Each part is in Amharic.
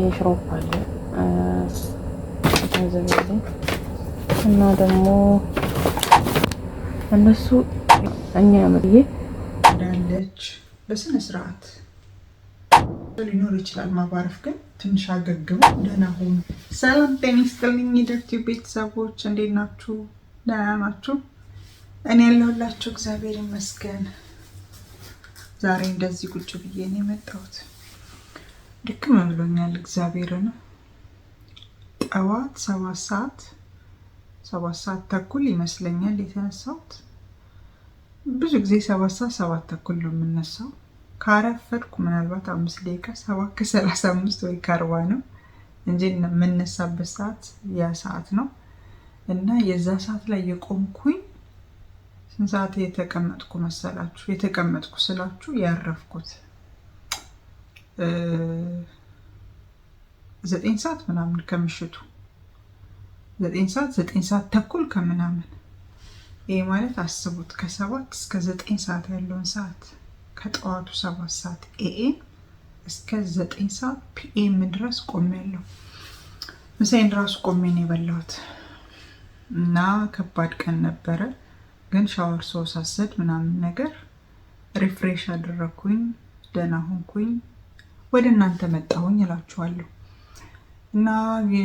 የሽሮፕ አለ እና ደግሞ እነሱ እኛ ምርዬ እንዳለች በስነ ስርዓት ሊኖር ይችላል። ማባረፍ ግን ትንሽ አገግሙ ደህና ሆኑ። ሰላም ጤና ይስጥልኝ የደርቲ ቤተሰቦች እንዴት ናችሁ? ደህና ናችሁ? እኔ ያለሁላችሁ እግዚአብሔር ይመስገን። ዛሬ እንደዚህ ቁጭ ብዬ ነው የመጣሁት። ድክም ብሎኛል። እግዚአብሔር ነው። ጠዋት ሰባት ሰዓት ሰባት ሰዓት ተኩል ይመስለኛል የተነሳሁት። ብዙ ጊዜ ሰባት ሰዓት ሰባት ተኩል ነው የምነሳው። ካረፈድኩ ምናልባት አምስት ደቂቃ ሰባት ከሰላሳ አምስት ወይ ከአርባ ነው እንጂ የምነሳበት ሰዓት ያ ሰዓት ነው እና የዛ ሰዓት ላይ የቆምኩኝ ስንት ሰዓት የተቀመጥኩ መሰላችሁ? የተቀመጥኩ ስላችሁ ያረፍኩት ዘጠኝ ሰዓት ምናምን ከምሽቱ ዘጠኝ ሰዓት ዘጠኝ ሰዓት ተኩል ከምናምን ይህ ማለት አስቡት ከሰባት እስከ ዘጠኝ ሰዓት ያለውን ሰዓት ከጠዋቱ ሰባት ሰዓት ኤኤም እስከ ዘጠኝ ሰዓት ፒኤም ድረስ ቆሜ ያለው ምሳዬን ራሱ ቆሜን የበላሁት እና ከባድ ቀን ነበረ። ግን ሻወር ሰው ሳሰድ ምናምን ነገር ሪፍሬሽ አደረግኩኝ፣ ደህና ሆንኩኝ፣ ወደ እናንተ መጣሁኝ እላችኋለሁ። እና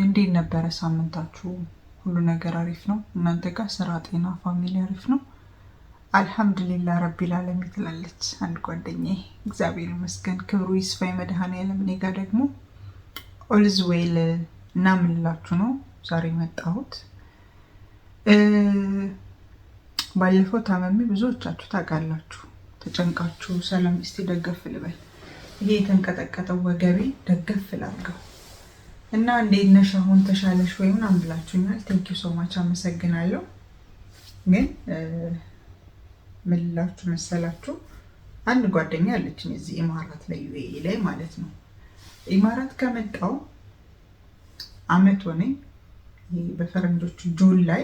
እንዴት ነበረ ሳምንታችሁ? ሁሉ ነገር አሪፍ ነው እናንተ ጋር? ስራ፣ ጤና፣ ፋሚሊ አሪፍ ነው? አልሐምዱሊላ ረቢ ላለም ትላለች አንድ ጓደኛዬ። እግዚአብሔር ይመስገን ክብሩ ይስፋ መድኃኔዓለም። እኔ ጋ ደግሞ ኦልዝ ዌል እና ምንላችሁ ነው ዛሬ መጣሁት ባለፈው ታመሜ ብዙዎቻችሁ ታውቃላችሁ። ተጨንቃችሁ ሰላም እስቲ ደገፍ ልበል። ይሄ የተንቀጠቀጠው ወገቤ ደገፍ ላርገው እና እንዴት ነሽ አሁን ተሻለሽ ወይ ምናምን ብላችሁኛል። ቴንክ ዩ ሶማች አመሰግናለሁ። ግን ምን መሰላችሁ አንድ ጓደኛ አለችኝ እዚህ ኢማራት ላይ ዩኤኢ ላይ ማለት ነው። ኢማራት ከመጣው አመት ሆነኝ በፈረንጆቹ ጁን ላይ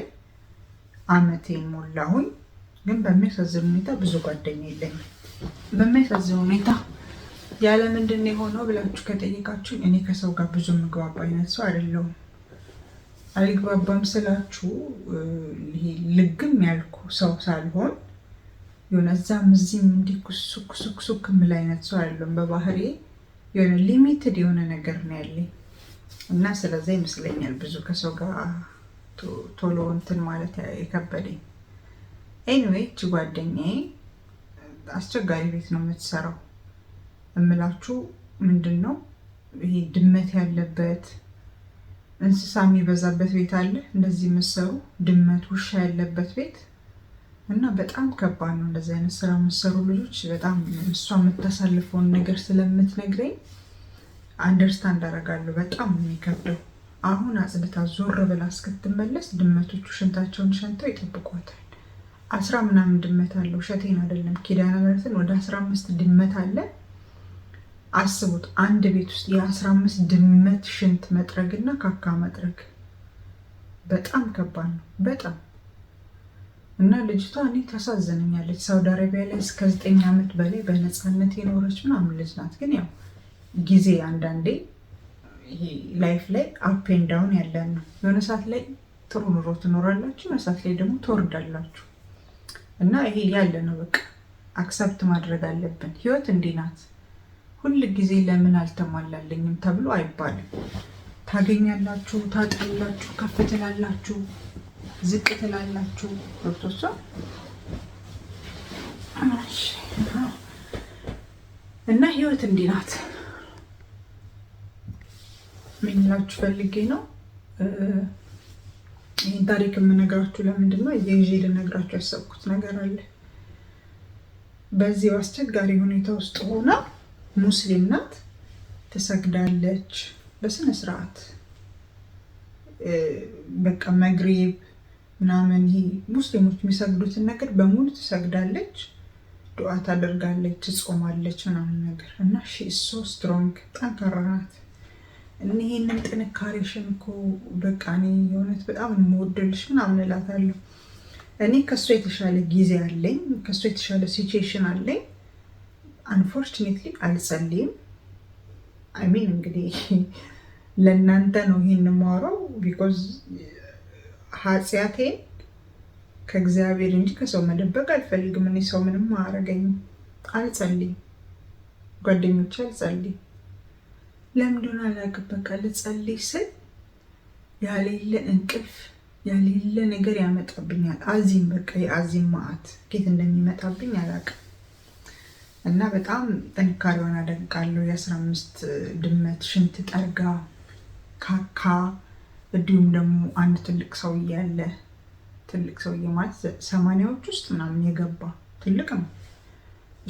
አመቴ ሞላሁኝ። ግን በሚያሳዝን ሁኔታ ብዙ ጓደኛ የለኝም። በሚያሳዝን ሁኔታ ያለ ምንድን የሆነው ብላችሁ ከጠየቃችሁኝ እኔ ከሰው ጋር ብዙ ምግባባ አይነት ሰው አይደለሁም። አልግባባም ስላችሁ ይሄ ልግም ያልኩ ሰው ሳልሆን የሆነ እዛም እዚህም እንዲህ ኩሱክ ሱክ የምል አይነት ሰው አይደለሁም። በባህሬ የሆነ ሊሚትድ የሆነ ነገር ነው ያለኝ እና ስለዛ ይመስለኛል ብዙ ከሰው ጋር ቶሎ እንትን ማለት የከበደኝ። ኤኒዌይ እች ጓደኛዬ አስቸጋሪ ቤት ነው የምትሰራው። እምላችሁ ምንድን ነው ይሄ ድመት ያለበት እንስሳ የሚበዛበት ቤት አለ እንደዚህ የምትሰሩ ድመት፣ ውሻ ያለበት ቤት እና በጣም ከባድ ነው እንደዚህ አይነት ስራ የምትሰሩ ልጆች። በጣም እሷ የምታሳልፈውን ነገር ስለምትነግረኝ አንደርስታንድ አደርጋለሁ። በጣም የሚከብደው አሁን አጽድታ ዞር ብላ እስክትመለስ ድመቶቹ ሽንታቸውን ሸንተው ይጠብቋታል። አስራ ምናምን ድመት አለ። ውሸቴን አይደለም። ኪዳነ ምሕረትን ወደ አስራ አምስት ድመት አለ። አስቡት፣ አንድ ቤት ውስጥ የአስራ አምስት ድመት ሽንት መጥረግ እና ካካ መጥረግ በጣም ከባድ ነው። በጣም እና ልጅቷ እኔ ታሳዘነኛለች ሳውዲ አረቢያ ላይ እስከ ዘጠኝ ዓመት በላይ በነፃነት የኖረች ምናምን ልጅ ናት። ግን ያው ጊዜ አንዳንዴ ይሄ ላይፍ ላይ አፕ ዳውን ያለን ነው። የሆነ ሰዓት ላይ ጥሩ ኑሮ ትኖራላችሁ፣ የሆነ ሰዓት ላይ ደግሞ ትወርዳላችሁ። እና ይሄ ያለ ነው። በቃ አክሰፕት ማድረግ አለብን። ህይወት እንዲህ ናት። ሁል ጊዜ ለምን አልተሟላለኝም ተብሎ አይባልም። ታገኛላችሁ፣ ታጣላችሁ፣ ከፍ ትላላችሁ፣ ዝቅ ትላላችሁ። ገብቶሶ እና ህይወት እንዲህ ናት። ምን ፈልጌ ነው ይህን ታሪክ የምነግራችሁ ለምንድን ነው? እየይዤ ልነግራችሁ ያሰብኩት ነገር አለ። በዚህ አስቸጋሪ ሁኔታ ውስጥ ሆና ሙስሊም ናት፣ ትሰግዳለች በስነ ስርዓት በቃ መግሪብ ምናምን ይሄ ሙስሊሞች የሚሰግዱትን ነገር በሙሉ ትሰግዳለች፣ ዱዓ ታደርጋለች፣ ትጾማለች ምናምን ነገር እና ሺ ሶ ስትሮንግ ጠንካራ ናት። እኒህንን ጥንካሬሽን እኮ በቃ እኔ የእውነት በጣም የምወደልሽ ምናምን እላታለሁ። እኔ ከእሷ የተሻለ ጊዜ አለኝ፣ ከእሷ የተሻለ ሲቹዌሽን አለኝ። አንፎርችኔትሊ አልጸልይም። አይሚን እንግዲህ ለእናንተ ነው ይህን የማወራው ቢኮዝ ኃጢአቴን ከእግዚአብሔር እንጂ ከሰው መደበቅ አልፈልግም። እኔ ሰው ምንም አያረገኝም። አልጸልይም፣ ጓደኞቼ አልጸልይም። ለምንድን አላውቅም። በቃ ልጸልይ ስል ያሌለ እንቅልፍ ያሌለ ነገር ያመጣብኛል። አዚም በቃ የአዚም መዓት ጌት እንደሚመጣብኝ አላውቅም። እና በጣም ጥንካሬዋን አደንቃለሁ። የአስራ አምስት ድመት ሽንት ጠርጋ ካካ፣ እንዲሁም ደግሞ አንድ ትልቅ ሰውዬ ያለ ትልቅ ሰውዬ ማለት ሰማንያዎች ውስጥ ምናምን የገባ ትልቅ ነው።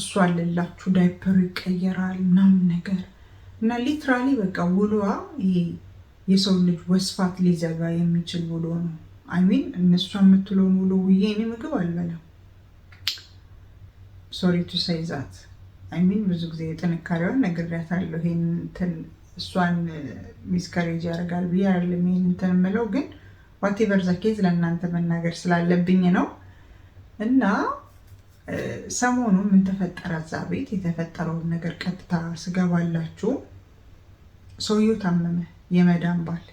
እሱ አለላችሁ ዳይፐሩ ይቀየራል ምናምን ነገር እና ሊትራሊ በቃ ውሏ ይሄ የሰው ልጅ ወስፋት ሊዘጋ የሚችል ውሎ ነው። አይሚን እነሷ የምትለውን ውሎ ውዬ እኔ ምግብ አልበላም። ሶሪ ቱ ሳይዛት አይሚን ብዙ ጊዜ የጥንካሬዋን ነግሬያታለሁ። ይሄን እንትን እሷን ሚስከሬጅ ያደርጋል ብዬ አይደለም ይሄን እንትን የምለው ግን ዋቴቨር ዘኬዝ ለእናንተ መናገር ስላለብኝ ነው እና ሰሞኑ ምን ተፈጠረ እዛ ቤት? የተፈጠረውን ነገር ቀጥታ ስገባላችሁ፣ ሰውየው ታመመ። የመዳን ባል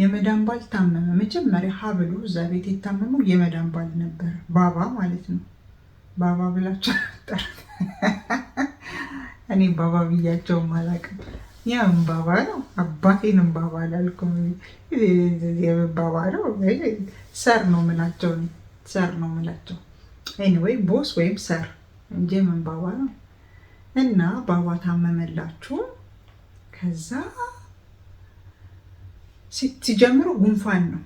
የመዳን ባል ታመመ። መጀመሪያ ሀብሉ እዛ ቤት የታመመው የመዳን ባል ነበር፣ ባባ ማለት ነው። ባባ ብላቸው ብላችሁ እኔ ባባ ብያቸው አላውቅም። ያም ባባ ነው። አባቴንም ባባ አላልኩም። ባባ ነው። ሰር ነው ምላቸው፣ ሰር ነው ምላቸው ኤኒዌይ ቦስ ወይም ሰር እንጂ ምን ባባ ነው። እና ባባ ታመመላችሁ። ከዛ ሲጀምሩ ጉንፋን ነው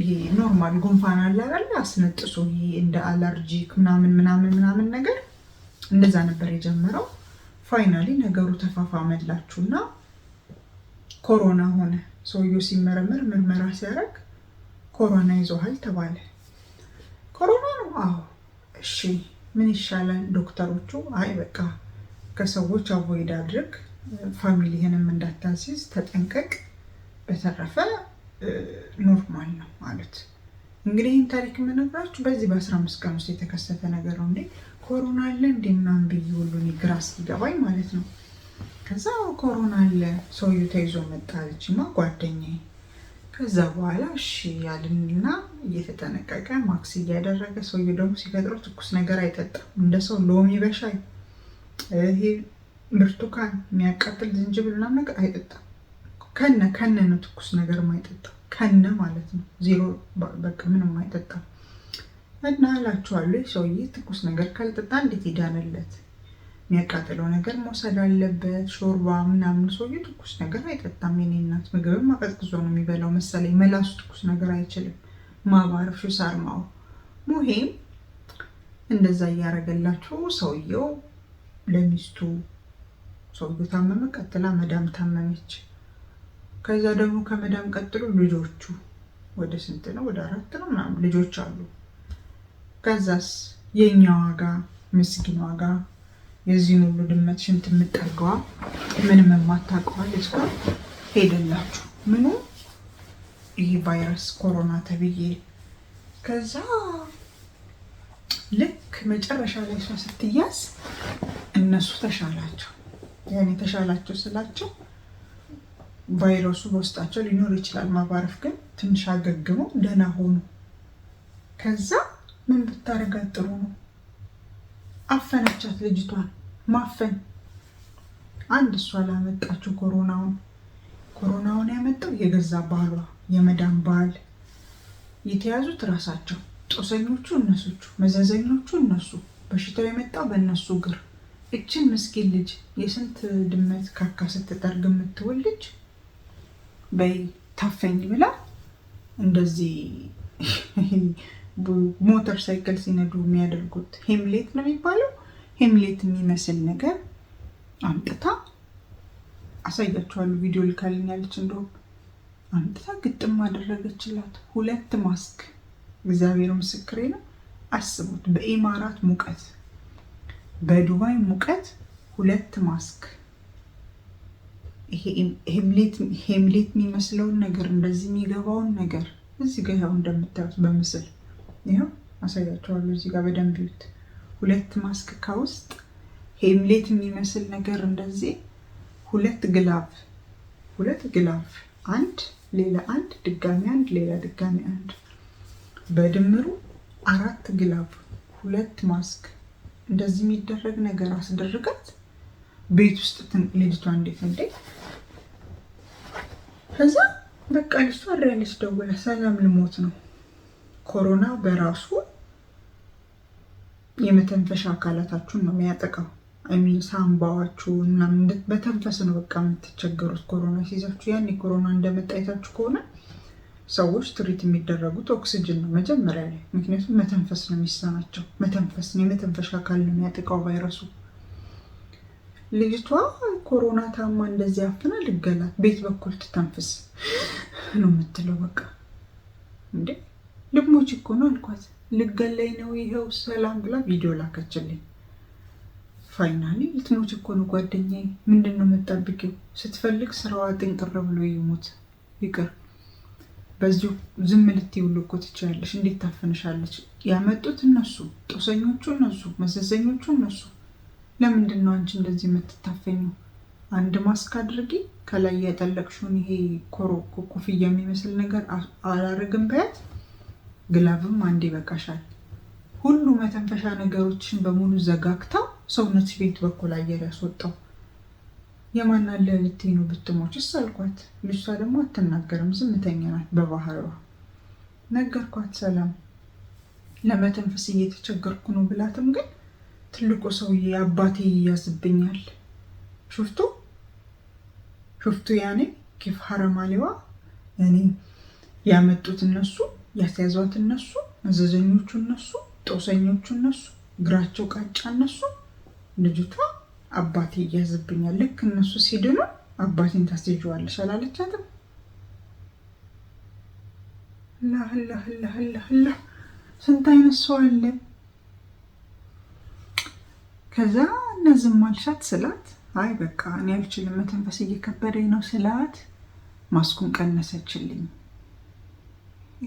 ይሄ ኖርማል ጉንፋን አለ አይደል? አስነጥሶ ይሄ እንደ አለርጂክ ምናምን ምናምን ምናምን ነገር እንደዛ ነበር የጀመረው። ፋይናሊ ነገሩ ተፋፋመላችሁና ኮሮና ሆነ። ሰውየው ሲመረመር ምርመራ ሲያደርግ ኮሮና ይዞሃል ተባለ። ኮሮና ነው? አዎ። እሺ ምን ይሻላል? ዶክተሮቹ አይ በቃ ከሰዎች አቮይድ አድርግ፣ ፋሚሊህንም እንዳታሲዝ ተጠንቀቅ፣ በተረፈ ኖርማል ነው ማለት። እንግዲህ ይህን ታሪክ የምነግራችሁ በዚህ በ15 ቀን ውስጥ የተከሰተ ነገር ነው። እንዴ ኮሮና አለ እንዴ ምናምን ብዬ ሁሉ እኔ ግራ እስኪገባኝ ማለት ነው። ከዛ ኮሮና አለ ሰውዬው ተይዞ መጣለችማ ጓደኛዬ ከዛ በኋላ እሺ ያልንና እየተጠነቀቀ ማክስ እያደረገ ሰውየው ደግሞ ሲፈጥሮ ትኩስ ነገር አይጠጣም። እንደ ሰው ሎሚ በሻይ ይሄ ብርቱካን የሚያቃጥል ዝንጅብል ምናምን ነገር አይጠጣም። ከነ ከነ ነው ትኩስ ነገር አይጠጣም። ከነ ማለት ነው ዜሮ በቃ ምንም አይጠጣም። እና እላችኋለሁ ሰውዬ ትኩስ ነገር ካልጠጣ እንዴት ይዳንለት? የሚያቃጥለው ነገር መውሰድ አለበት። ሾርባ ምናምን ሰውዬ ትኩስ ነገር አይጠጣም። የኔ እናት ምግብም አቀዝቅዞ ነው የሚበላው መሰለኝ። መላሱ ትኩስ ነገር አይችልም። ማባረፍ ሳርማው ሙሄም እንደዛ እያደረገላቸው ሰውየው ለሚስቱ ሰውየው ታመመ። ቀጥላ መዳም ታመመች። ከዛ ደግሞ ከመዳም ቀጥሎ ልጆቹ ወደ ስንት ነው? ወደ አራት ነው ምናምን ልጆች አሉ። ከዛስ የእኛ ዋጋ ምስኪን ዋጋ የዚህ ሁሉ ድመት ሽንት የምጠርገዋ ምንም የማታውቀዋ ልጅ ጋር ሄደላችሁ ምኑ ይህ ቫይረስ ኮሮና ተብዬ ከዛ ልክ መጨረሻ ላይ እሷ ስትያዝ እነሱ ተሻላቸው። ያኔ ተሻላቸው ስላቸው ቫይረሱ በውስጣቸው ሊኖር ይችላል ማባረፍ፣ ግን ትንሽ አገግሞ ደህና ሆኑ። ከዛ ምን ብታረጋት ጥሩ ነው? አፈናቻት ልጅቷን። ማፈን አንድ እሷ ላመጣችው ኮሮናውን ኮሮናውን ያመጣው የገዛ ባሏ የመዳን ባል የተያዙት ራሳቸው ጦሰኞቹ እነሱቹ መዘዘኞቹ እነሱ በሽታው የመጣው በእነሱ እግር እችን ምስኪን ልጅ የስንት ድመት ካካ ስትጠርግ የምትውል ልጅ በይ ታፈኝ ብላ እንደዚህ ሞተር ሳይክል ሲነዱ የሚያደርጉት ሄምሌት ነው የሚባለው ሄምሌት የሚመስል ነገር አምጥታ አሳያችኋለሁ። ቪዲዮ ልካልኝ ያለች እንደውም አምጥታ ግጥም አደረገችላት። ሁለት ማስክ እግዚአብሔር ምስክሬ ነው። አስቡት፣ በኢማራት ሙቀት፣ በዱባይ ሙቀት ሁለት ማስክ ሄምሌት የሚመስለውን ነገር እንደዚህ የሚገባውን ነገር እዚህ ጋ ያው እንደምታዩት በምስል ይኸው አሳያቸዋለሁ። እዚህ ጋር በደንብ ይዩት። ሁለት ማስክ ከውስጥ ሄምሌት የሚመስል ነገር እንደዚህ ሁለት ግላቭ ሁለት ግላቭ አንድ ሌላ አንድ ድጋሚ አንድ ሌላ ድጋሚ አንድ በድምሩ አራት ግላቭ ሁለት ማስክ እንደዚህ የሚደረግ ነገር አስደርጋት ቤት ውስጥ ልጅቷ እንዴት እንዴት ከዛ በቃ ልጅቷ ሪያለች ደውላ ሰላም ልሞት ነው ኮሮና በራሱ የመተንፈሻ አካላታችሁን ነው የሚያጠቃው። ሚን ሳምባዋችሁን ምናምን በተንፈስ ነው በቃ የምትቸገሩት። ኮሮና ሲይዛችሁ ያኔ ኮሮና እንደመጣይታችሁ ከሆነ ሰዎች ትሪት የሚደረጉት ኦክስጅን ነው መጀመሪያ ላይ፣ ምክንያቱም መተንፈስ ነው የሚሰናቸው። መተንፈስ ነው የመተንፈሻ አካል ነው የሚያጠቃው ቫይረሱ። ልጅቷ ኮሮና ታማ እንደዚህ አፍና ልገላት ቤት በኩል ትተንፍስ ነው የምትለው። በቃ እንዴ ልሞች እኮ ነው አልኳት። ልገለይ ነው ይኸው ሰላም ብላ ቪዲዮ ላከችልኝ። ፋይናሊ ልትሞች እኮ ነው ጓደኛዬ፣ ምንድን ነው ስትፈልግ ስራዋ ጥንቅር ብሎ ይሙት ይቅር። በዚሁ ዝም ልትይ ሁሉ እኮ ትችያለሽ። እንዴት ታፍንሻለች? ያመጡት እነሱ ጦሰኞቹ፣ እነሱ መዘዘኞቹ፣ እነሱ ለምንድን ነው አንቺ እንደዚህ የምትታፈኙ? አንድ ማስክ አድርጊ፣ ከላይ ያጠለቅሽውን ይሄ ኮሮ ኮፍያ የሚመስል ነገር አላረግም በያት ግላብም አንድ ይበቃሻል። ሁሉ መተንፈሻ ነገሮችን በሙሉ ዘጋግተው ሰውነት ቤት በኩል አየር ያስወጣው የማናለ አለ ልትይ ነው ብትሞችስ አልኳት። ልጅቷ ደግሞ አትናገርም፣ ዝምተኛ ናት በባህሪዋ። ነገርኳት ሰላም ለመተንፈስ እየተቸገርኩ ነው ብላትም ግን ትልቁ ሰውዬ አባቴ ይያዝብኛል። ሹፍቱ ሹፍቱ ያኔ ኪፍ ሀረማሌዋ እኔ ያመጡት እነሱ ያስያዟት እነሱ፣ መዘዘኞቹ እነሱ፣ ጦሰኞቹ እነሱ፣ እግራቸው ቃጫ እነሱ። ልጅቷ አባቴ እያዝብኛል፣ ልክ እነሱ ሲድኑ አባቴን ታስይዤዋለሽ አላለቻትም? ላላላላላ ስንት አይነት ሰው አለ። ከዛ እነዚህም ማልሻት ስላት አይ በቃ እኔ አልችልም መተንፈስ እየከበደኝ ነው ስላት ማስኩን ቀነሰችልኝ።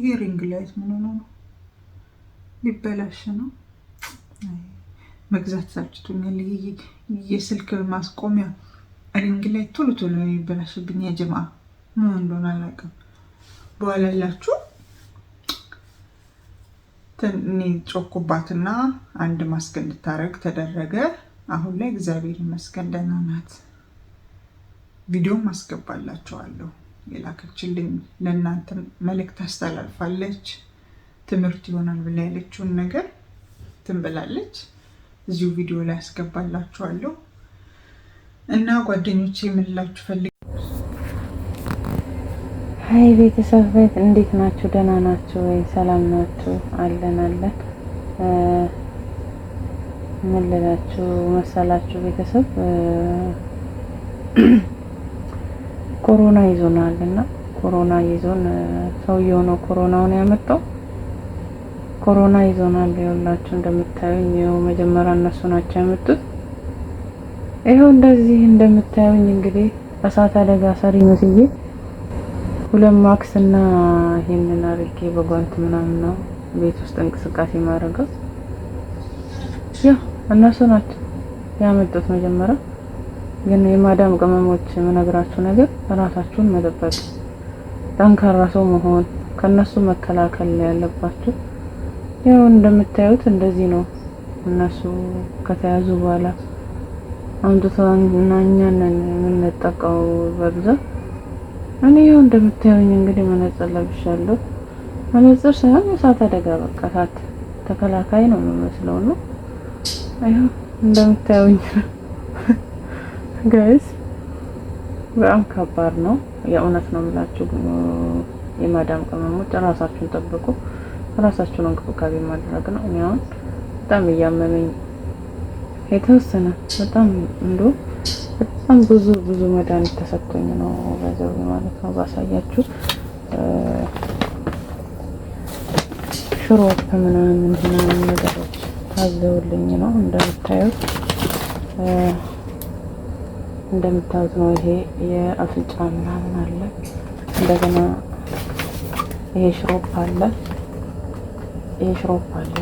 ይሄ ሪንግ ላይት ምን ሆኖ ነው? ሊበላሽ ነው። መግዛት ሳችቶኛል። ይሄ የስልክ ማስቆሚያ ሪንግ ላይት ቶሎ ቶሎ የሚበላሽብኝ የጀማ ምን እንደሆነ አላውቅም። በኋላ ላችሁ እኔ ጮኩባትና አንድ ማስክ እንድታረግ ተደረገ። አሁን ላይ እግዚአብሔር ይመስገን ደህና ናት። ቪዲዮም አስገባላችኋለሁ። የላከችልኝ ለእናንተ መልእክት ታስተላልፋለች። ትምህርት ይሆናል ብላ ያለችውን ነገር ትንብላለች። እዚሁ ቪዲዮ ላይ ያስገባላችኋለሁ እና ጓደኞች የምንላችሁ ፈልግ ሀይ ቤተሰብ እንዴት ናችሁ? ደህና ናችሁ ወይ? ሰላም ናችሁ? አለን አለን ምን ልላችሁ መሰላችሁ ቤተሰብ ኮሮና ይዞናል እና ኮሮና ይዞን ሰውየው ነው ኮሮናውን ያመጣው። ኮሮና ይዞናል ይኸውላችሁ፣ እንደምታዩኝ ይኸው መጀመሪያ እነሱ ናቸው ያመጡት። ይኸው እንደዚህ እንደምታዩኝ እንግዲህ እሳት አደጋ ሰሪ መስዬ ሁለት ማክስ እና ይሄንን አድርጌ በጓንት ምናምን ነው ቤት ውስጥ እንቅስቃሴ ማድረገው። ያው እነሱ ናቸው ያመጡት መጀመሪያ ግን የማዳም ቅመሞች የምነግራችሁ ነገር ራሳችሁን መጠበቅ፣ ጠንካራ ሰው መሆን ከእነሱ መከላከል ያለባችሁ። ያው እንደምታዩት እንደዚህ ነው። እነሱ ከተያዙ በኋላ አምጥተው እና እኛን የምንጠቀው በብዛት። እኔ ያው እንደምታዩኝ እንግዲህ መነጽር ለብሻለሁ። መነጽር ሳይሆን የእሳት አደጋ በቃ እሳት ተከላካይ ነው የምመስለው። ነው። ይኸው እንደምታዩኝ ጋይስ በጣም ከባድ ነው። የእውነት ነው የምላችሁ የማዳም ቅመሞች እራሳችሁን ጠብቁ። ራሳችሁን እንክብካቤ ማድረግ ነው። እኔ አሁን በጣም እያመመኝ የተወሰነ በጣም እንዶ በጣም ብዙ ብዙ መድኃኒት ተሰጥቶኝ ነው በዛው ማለት ነው ባሳያችሁ ሽሮ ምናምን ነገሮች ነው እንደምታዩት እንደምታዩት ነው። ይሄ የአፍንጫ ምናምን አለ። እንደገና ይሄ ሽሮፕ አለ። ይሄ ሽሮፕ አለ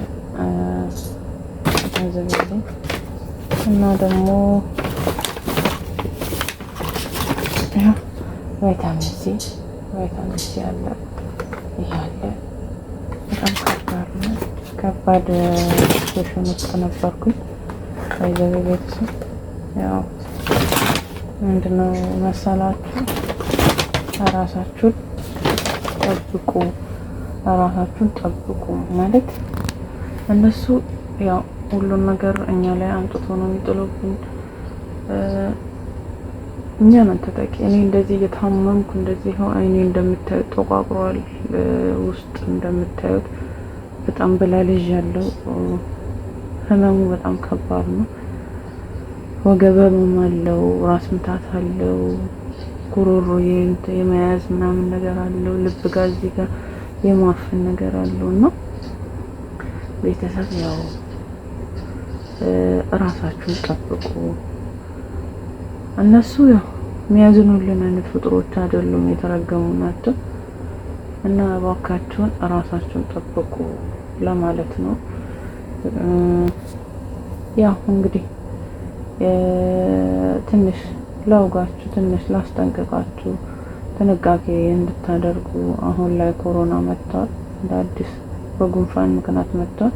ዘበ እና ደግሞ ቫይታሚን ሲ ቫይታሚን ሲ አለ። ይሄ አለ። በጣም ከባድ ነው። ከባድ ሽን ውስጥ ነበርኩኝ። ዘበ ያው ምንድነው መሰላችሁ ራሳችሁን ጠብቁ፣ ራሳችሁን ጠብቁ ማለት እነሱ ያው ሁሉን ነገር እኛ ላይ አምጥቶ ነው የሚጥሉብን። እኛ ነን ተጠቂ። እኔ እንደዚህ እየታመምኩ እንደዚህ ሆ አይኔ እንደምታዩት ተቋቁሯል። ውስጥ እንደምታዩት በጣም በላልጅ ያለው ህመሙ በጣም ከባድ ነው። ወገበሙም አለው፣ ራስ ምታት አለው፣ ጉሮሮ የመያዝ ምናምን ነገር አለው፣ ልብ ጋር እዚህ ጋር ነገር አለው እና ቤተሰብ ያው እራሳችሁን ጠብቁ። እነሱ ያው የሚያዝኑልን አይነት ፍጡሮች አይደሉም፣ የተረገሙ ናቸው እና እባካችሁን እራሳችሁን ጠብቁ ለማለት ነው። ያው እንግዲህ ትንሽ ላውጋችሁ፣ ትንሽ ላስጠንቅቃችሁ፣ ጥንቃቄ እንድታደርጉ አሁን ላይ ኮሮና መጥቷል፣ እንደ አዲስ በጉንፋን ምክንያት መጥቷል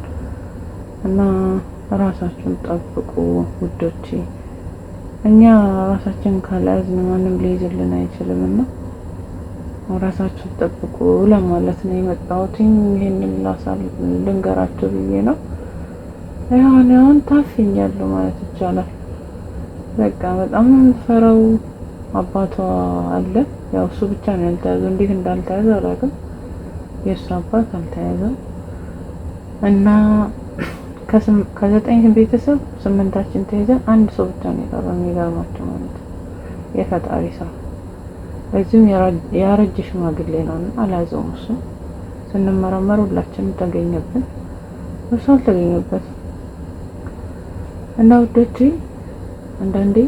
እና ራሳችሁን ጠብቁ ውዶች እኛ ራሳችን ካላያዝን ማንም ሊይዝልን አይችልም እና ራሳችሁን ጠብቁ ለማለት ነው የመጣሁት። ይህንን ላሳል ልንገራችሁ ብዬ ነው። አሁን አሁን ታፍኛለሁ ማለት ይቻላል። በቃ በጣም ነው የምትፈራው። አባቷ አለ ያው እሱ ብቻ ነው ያልተያዘው። እንዴት እንዳልተያዘ አላውቅም። የእሱ አባት አልተያዘም እና ከዘጠኝ ቤተሰብ ስምንታችን ተይዘን አንድ ሰው ብቻ ነው የቀረው። የሚገርማቸው ማለት የፈጣሪ ሰው እዚሁም ያረጀ ሽማግሌ ነው አልያዘውም። እሱ ስንመረመር ሁላችንም ተገኘብን፣ እሱ አልተገኘበትም እና ውዶቼ አንዳንዴ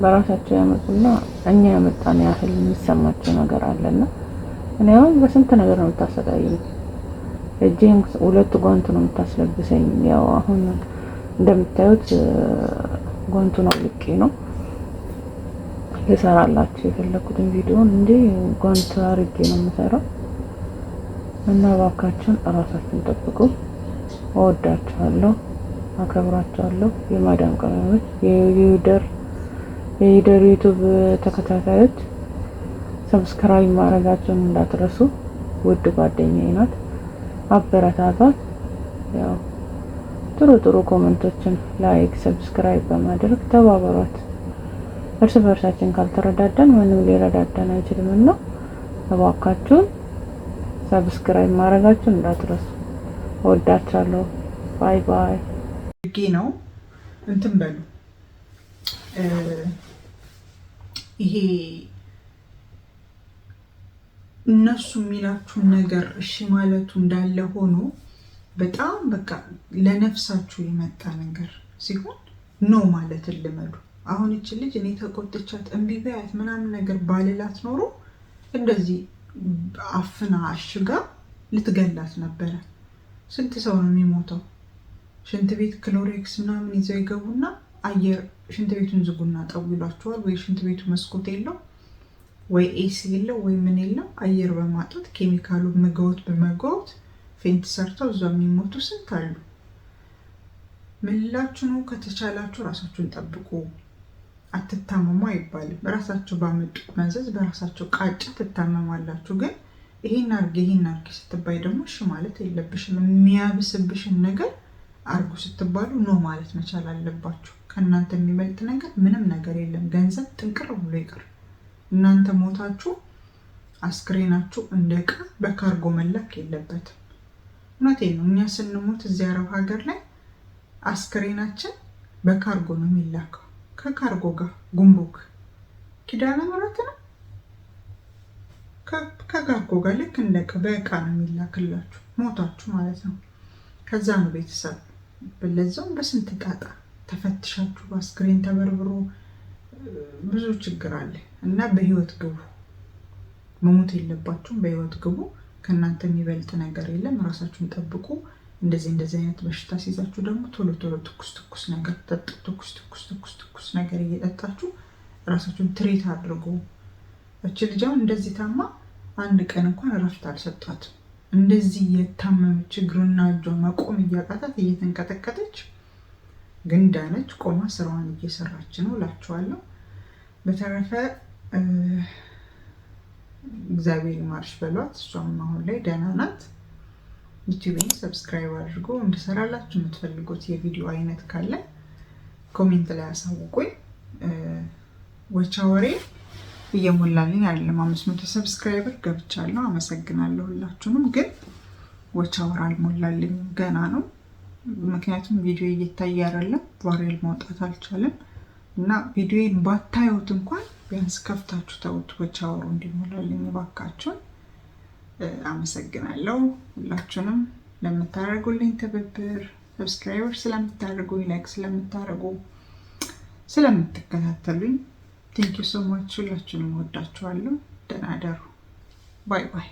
በራሳቸው ያመጡና እኛ ያመጣን ያህል የሚሰማቸው ነገር አለና እኔ አሁን በስንት ነገር ነው የምታሰቃየኝ። እጄም ሁለት ጓንት ነው የምታስለብሰኝ። ያው አሁን እንደምታዩት ነው አውልቄ ነው ልሰራላችሁ የፈለኩትን ቪዲዮን እንጂ ጓንት አርጌ ነው የምሰራው። እና እባካችሁን እራሳችሁን ጠብቁ። እወዳችኋለሁ። አከብራቸዋለሁ። የማዳም ቀመሞች የዩደር ዩቱብ ተከታታዮች ሰብስክራይብ ማድረጋቸውን እንዳትረሱ። ውድ ጓደኛዬ ናት፣ አበረታቷት። ያው ጥሩ ጥሩ ኮመንቶችን ላይክ፣ ሰብስክራይብ በማድረግ ተባበሯት። እርስ በእርሳችን ካልተረዳዳን ማንም ሊረዳዳን አይችልም እና እባካችሁን ሰብስክራይብ ማድረጋችሁን እንዳትረሱ። እወዳችኋለሁ። ባይ ባይ። አድርጌ ነው እንትን በሉ ይሄ እነሱ የሚላችሁን ነገር እሺ ማለቱ እንዳለ ሆኖ በጣም በቃ ለነፍሳችሁ የመጣ ነገር ሲሆን ኖ ማለት ልመዱ። አሁን እች ልጅ እኔ ተቆጥቻት እምቢ በያት ምናምን ነገር ባልላት ኖሮ እንደዚህ አፍና አሽጋ ልትገላት ነበረ። ስንት ሰው ነው የሚሞተው? ሽንት ቤት ክሎሬክስ ምናምን ይዘው ይገቡና አየር ሽንት ቤቱን ዝጉና ጠው ይሏቸዋል። ወይ ሽንት ቤቱ መስኮት የለው ወይ ኤሲ የለው ወይ ምን የለው። አየር በማጣት ኬሚካሉ መገወት በመገወት ፌንት ሰርተው እዛ የሚሞቱ ስንት አሉ። ምንላችሁ ነው ከተቻላችሁ ራሳችሁን ጠብቁ። አትታመሙ አይባልም። ራሳቸው ባመጡ መዘዝ በራሳቸው ቃጫ ትታመማላችሁ። ግን ይሄን አርግ ይሄን አርግ ስትባይ ደግሞ እሺ ማለት የለብሽም። የሚያብስብሽን ነገር አርጉ ስትባሉ ኖ ማለት መቻል አለባችሁ። ከእናንተ የሚበልጥ ነገር ምንም ነገር የለም። ገንዘብ ጥንቅር ብሎ ይቅር። እናንተ ሞታችሁ አስክሬናችሁ እንደ ዕቃ በካርጎ መላክ የለበትም። እውነቴ ነው። እኛ ስንሞት እዚህ አረብ ሀገር ላይ አስክሬናችን በካርጎ ነው የሚላከው ከካርጎ ጋር ጉምሩክ ኪዳነ ምሕረት ነው። ከካርጎ ጋር ልክ እንደ በእቃ ነው የሚላክላችሁ ሞታችሁ ማለት ነው። ከዛ ነው ቤተሰብ በለዛውም በስንት ጣጣ ተፈትሻችሁ አስክሬን ተበርብሮ ብዙ ችግር አለ እና በህይወት ግቡ። መሞት የለባችሁም። በህይወት ግቡ። ከእናንተ የሚበልጥ ነገር የለም። ራሳችሁን ጠብቁ። እንደዚህ እንደዚህ አይነት በሽታ ሲይዛችሁ ደግሞ ቶሎ ቶሎ ትኩስ ትኩስ ነገር ጠጡ። ትኩስ ትኩስ ትኩስ ትኩስ ነገር እየጠጣችሁ ራሳችሁን ትሬት አድርጉ። እች ልጃውን እንደዚህ ታማ አንድ ቀን እንኳን እረፍት አልሰጣትም። እንደዚህ የታመመች እግርና እጇ መቆም እያቃታት እየተንቀጠቀጠች ግን ዳነች፣ ቆማ ስራዋን እየሰራች ነው እላችኋለሁ። በተረፈ እግዚአብሔር ይማርሽ በሏት። እሷም አሁን ላይ ደህና ናት። ዩቲዩብን ሰብስክራይብ አድርጎ እንድሰራላችሁ የምትፈልጉት የቪዲዮ አይነት ካለ ኮሜንት ላይ አሳውቁኝ። ወቻ ወሬ እየሞላልኝ አይደለም። አምስት መቶ ሰብስክራይበር ገብቻለሁ። አመሰግናለሁ ሁላችሁንም። ግን ወቻወር አልሞላልኝ ገና ነው። ምክንያቱም ቪዲዮ እየታየ አይደለም፣ ቫይራል ማውጣት አልቻለም እና ቪዲዮን ባታዩት እንኳን ቢያንስ ከፍታችሁ ተውት፣ ወቻወሩ እንዲሞላልኝ ባካችሁን። አመሰግናለሁ ሁላችሁንም ለምታደርጉልኝ ትብብር፣ ሰብስክራይበር ስለምታደርጉኝ፣ ላይክ ስለምታደርጉ፣ ስለምትከታተሉኝ ቴንኪ ሶ ማች። ሁላችሁንም ወዳችኋለሁ። ደህና ደሩ። ባይ ባይ።